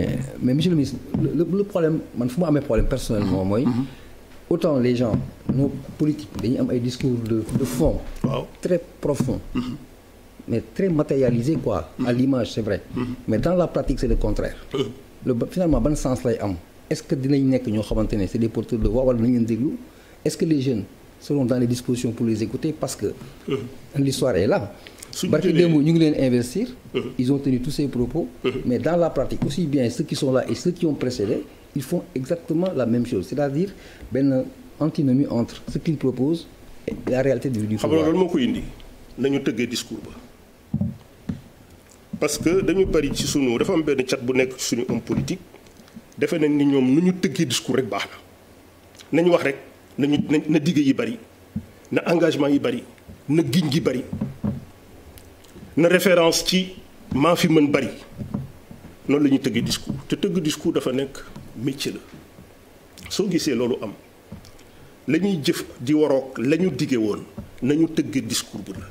Euh, mais monsieur le ministre le, le problème man fu mu amee problème personnellement mhm. mooy. Mhm. autant les gens nos politiques dañuy am ay discours de fond. très profond. Mhm. mais très matérialisé quoi. à l'image c'est vrai. mais dans la pratique c'est le contraire. Euh. finalement ban sens lay am est-ce que dinañ nekk ñoo xamante c'est des porteurs de voix wala nañ leen est-ce que les jeunes. seront dans les dispositions pour les écouter parce que l'histoire est là barki démb ñu ngi leen investir ils ont tenu tous ces propos pratique aussi bien ceux qui sont là et ceux exactement la même chose c'est-à-dire benn antinomie entre ce qu'ils proposent et la réalité du xam nga loolu moo ko indi nañu tëggee discours ba parce que dañu bari ci sunu dafa am benn cat bu nekk suñu homme politique defe nañ ni ñoom nu ñu tëggee discours rek baax na nañu wax rek nañu na digg yi bari na engagement yi bari na giñ gi bari na référence ci maa fi mën bari noonu lañuy ñuy tëgg te tëgg discours dafa nekk métier la soo gisee loolu am lañuy jëf di waroog la digge woon nañu tëgg discours bu la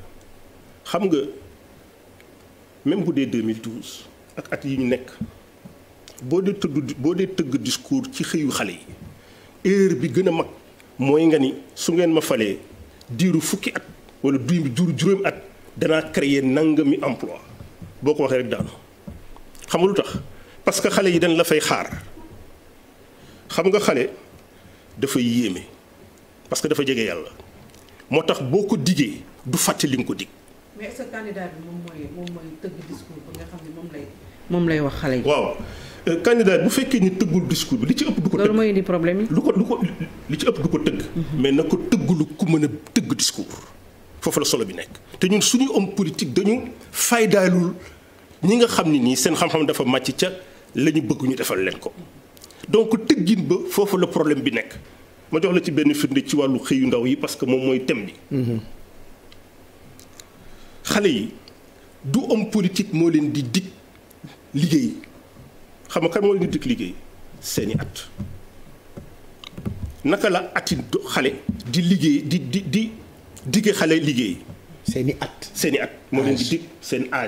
xam nga même bu dee 2012 ak at yi ñu nekk boo dee tëdd boo dee tëgg discours ci xëyu xale yi erreur bi gën a mag mooy nga ni su ngeen ma falee diiru fukki at wala diiru juróomi at danaa crée créer nangami emploi boo ko waxee rek daanu xam nga tax parce que xale yi dañ la fay xaar xam nga xale dafay yéeme parce que dafa jege yàlla moo tax boo ko digee du fàtte li nga ko dig. moom lay. moom lay wax xale yi waaw. Euh, candidat bu fekkee ni tëggul discours bi li ci ëpp du ko tëgg. loolu mooy indi lu ko lu ko li ci ëpp du ko tëgg. Mhm. mais na ko tëggulu ku mën a tëgg discours. foofu la solo bi nekk te ñun suñu homme politique dañu faydaalul ñi nga xam ni nii seen xam-xam dafa màcc ca la ñu bëgg ñu defal leen ko. donc tëggin ba foofu la problème bi nekk ma jox la ci benn firnde ci wàllu xëyu ndaw yi parce que moom mooy thème bi. Mhm. xale yi du homme politique moo leen di dig liggéey. xam nga kan moo leen di dikk liggéey seeni at naka la ati xale di liggéey di di di digge xale liggéey. seeni at seeni at moo leen di dikk seen âge